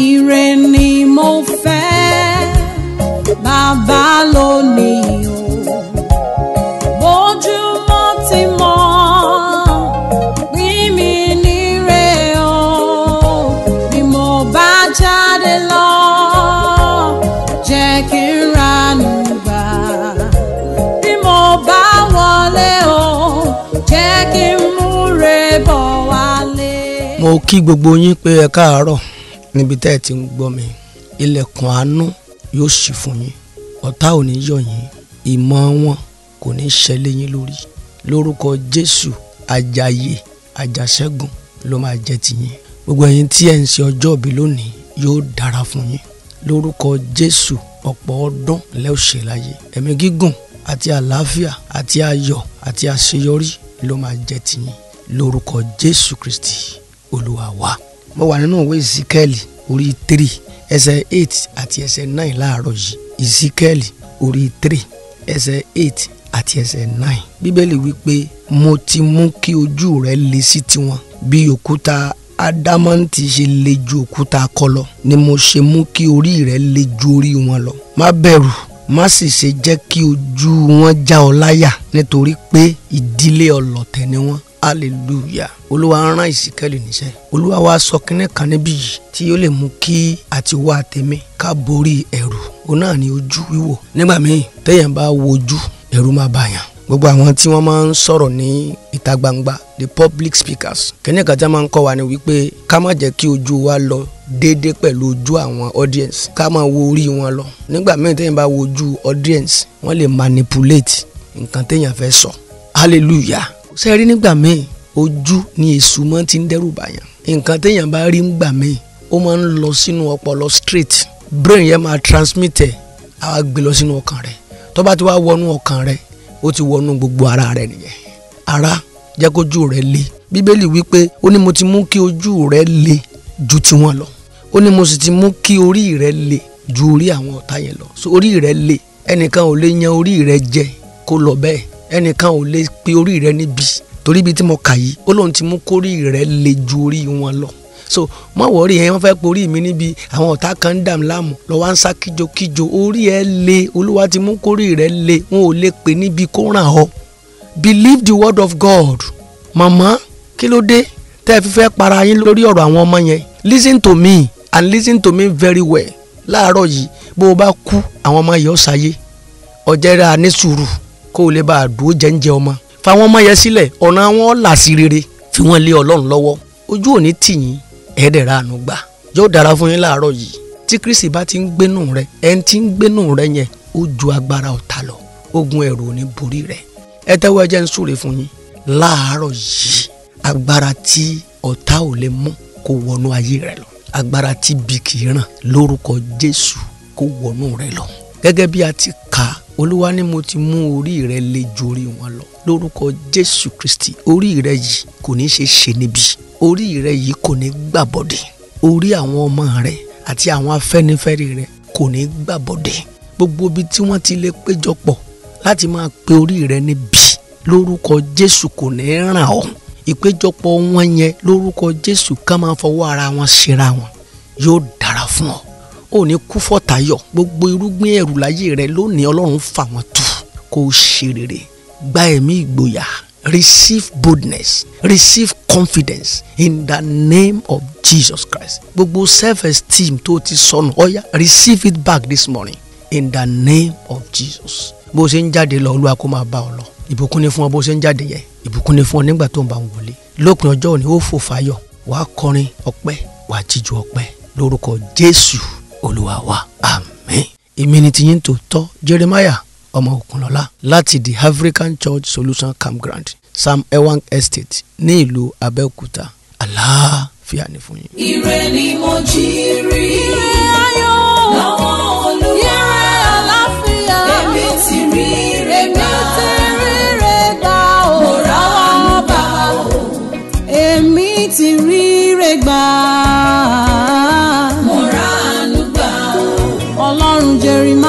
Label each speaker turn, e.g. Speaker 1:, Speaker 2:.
Speaker 1: Ire ni mo fẹ́ bàbá lónìí o. Bójúmọ́ ti mọ́ pín mi níre o. Bí mo bá jáde lọ, jẹ́ kí n ranú gbà. Bí mo bá wọlé o, jẹ́ kí n múre bọ̀ wálé.
Speaker 2: Mo kí gbogbo yín pé ẹ káàárọ̀ níbi tẹ́ ẹ ti ń gbọ́ mi ilẹ̀kùn àánú yóò ṣí fún yín ọ̀tá ò ní yọ̀ yín ìmọ̀ wọn kò ní ṣẹlẹ̀ yín lórí lórúkọ Jésù ajayi ajaṣẹ́gun ló máa jẹ́ tiyín gbogbo ẹ̀yin tí ẹ̀ ń ṣe ọjọ́ ìbí lónìí yóò dára fún yín lórúkọ Jésù ọ̀pọ̀ ọdún lẹ́ ò ṣe láyé ẹ̀mí gígùn àti àlàáfíà àti ayọ̀ àti àṣeyọrí ló máa jẹ́ tiyín lórúkọ Jésù Kristi Olúwa wa mo wà nínú ìwé ìsíkẹ́ẹ̀lì orí three ẹsẹ̀ eight àti ẹsẹ̀ nine láàárọ̀ yìí ìsíkẹ́ẹ̀lì orí three ẹsẹ̀ eight àti ẹsẹ̀ nine bíbélì wípé mo ti mú kí ojú rẹ le sí tiwọn bí òkúta ádámọ́ǹtì ṣe le ju òkúta akọ lọ ni mo ṣe mú kí orí rẹ le ju orí wọn lọ má bẹ̀rù má sì ṣe jẹ́ kí ojú wọn já ọ láyà nítorí pé ìdílé ọlọ̀tẹ̀ ni wọ́n hallelujah olúwa rán ìsìkẹ́lì níṣẹ́ olúwa wa sọ kínní kan níbí yìí tí ó lè mú kí àti wá tèmi ká borí ẹ̀rù òun náà ni ojú wíwò nígbà míì téèyàn bá wojú ẹ̀rù máa bàyàn gbogbo àwọn tí wọ́n máa ń sọ̀rọ̀ ní ìta gbangba the public speakers kínní kan tí wọ́n máa ń kọ́ wa ni wípé ká má jẹ́ kí ojú wa lọ déédéé pẹ̀lú ojú àwọn audience ká máa wo orí wọn lọ nígbà míì téèyàn bá wojú audience wọ́n lè manipulate nǹkan téèyàn fẹ́ sọ hallelujah ṣe rí nígbà míì ojú ni èṣù máa ti ń dẹ́rù bàyàn nǹkan téèyàn bá rí ńgbà míì ó máa ń lọ sínú ọpọlọ straight brain yẹn máa transmit ẹ̀ á wá gbé lọ sínú ọkàn rẹ̀ tó bá ti wá wọnú ọkàn rẹ̀ ó ti wọnú gbogbo ara rẹ̀ nìyẹn ara jẹ́ kójú rẹ̀ le bíbélì wípé ó ní mo ti mú kí ojú rẹ̀ le ju tiwọn lọ ó ní mo sì ti mú kí orí rẹ̀ le ju orí àwọn ọ̀tá yẹn lọ so orí rẹ̀ le ẹnìkan ò lè yan orí rẹ̀ jẹ kó lọ bẹ́ẹ̀ ẹnìkan ò lè pe orí rẹ níbi torí ibi tí mo kà yìí ó lóun ti mú kórí rẹ le ju orí wọn lọ so mọ wọrí yẹn wọ́n fẹ́ porí mi níbi àwọn ọ̀tá kan ń dàm láàmú lọ wá ń sá kíjokíjo orí ẹ le olúwa ti mú kórè rẹ le wọn ò lè pè níbi kó ràn ọ believe the word of God Mama. kí ló dé tẹ́ ẹ fi fẹ́ para yín lórí ọ̀rọ̀ àwọn ọmọ yẹn listen to me and listen to me very well láàárọ̀ yìí bó o bá kú àwọn ọmọ yìí ó ọ̀jẹ̀ra ní sùúrù kó o lè bá a dúró jẹ́ńjẹ́ ọmọ fáwọn ọmọ yẹn sílẹ̀ ọ̀nà wọn là sí rere fi wọ́n lé ọlọ́run lọ́wọ́ ojú òní tì yín ẹ̀ẹ́dẹ̀rẹ́ àánú gbà yóò dára fún yín láàárọ̀ yìí tí kristi bá ti ń gbénú rẹ ẹni tí ń gbénú rẹ yẹn ó ju agbára ọ̀tá lọ ogun ẹ̀rù ò ní borí rẹ ẹ tẹ́wọ́ ẹ jẹ́ ń súre fún yín láàárọ̀ yìí agbára tí ọ̀tá ò lè mú kó wọnú ayé rẹ lọ agbára tí bí ràn lórúkọ jésù kó wọnú rẹ lọ gẹ́gẹ́ bí a ti olúwa ni mo ti mú orí rẹ lé ju orí wọn lọ lórúkọ jésù kristi orí rẹ yìí kò ní ṣe ṣe níbi orí rẹ yìí kò ní gbàbọdè orí àwọn ọmọ rẹ àti àwọn afẹ́nifẹ́re rẹ kò ní gbàbọdè gbogbo ibi tí wọ́n ti lè péjọpọ̀ láti máa pe orí rẹ níbi lórúkọ jésù kò ní ràn ọ́ ìpéjọpọ̀ wọn yẹn lórúkọ jésù ká máa fọwọ́ ara wọn ṣera wọn yóò dára fún ọ ò ní kú fọ̀tayọ̀ gbogbo irúgbìn ẹ̀rù láyé rẹ lónìí ọlọ́run fà wọ́n tu kó o ṣe rere gba ẹ̀mí ìgboyà receive boldness receive confidence in the name of jesus christ gbogbo self-esteem tó ti sọnù ọ̀yá receive it back this morning in the name of jesus bó ṣe ń jáde lọ olúwa kó máa bá ọ lọ ìbùkún ni fún ọ bó ṣe ń jáde yẹ ìbùkún ni fún ọ nígbà tó ń bá ń wọlé lópin ọjọ́ òní ó fò fáyọ̀ wàá kọrin ọpẹ́ wàá jíjú ọpẹ́ lórúkọ jésù olúwa wa àmín. èmi ni tiyín tó tọ́ Jeremiah ọmọ Òkúnlọ́lá láti the African Church Solution Campground Sam Ewang Estate ní ìlú Abẹ́òkúta àlàáfíà ni fún yín.
Speaker 1: ire ni mo jí rí ire ayọ̀ lọ́wọ́ olúwa ire àlàáfíà èmi ti rí ire gbà èmi ti rí ire gbà ó mo rà wá bá ó èmi ti rí ire gbà. Jeremy.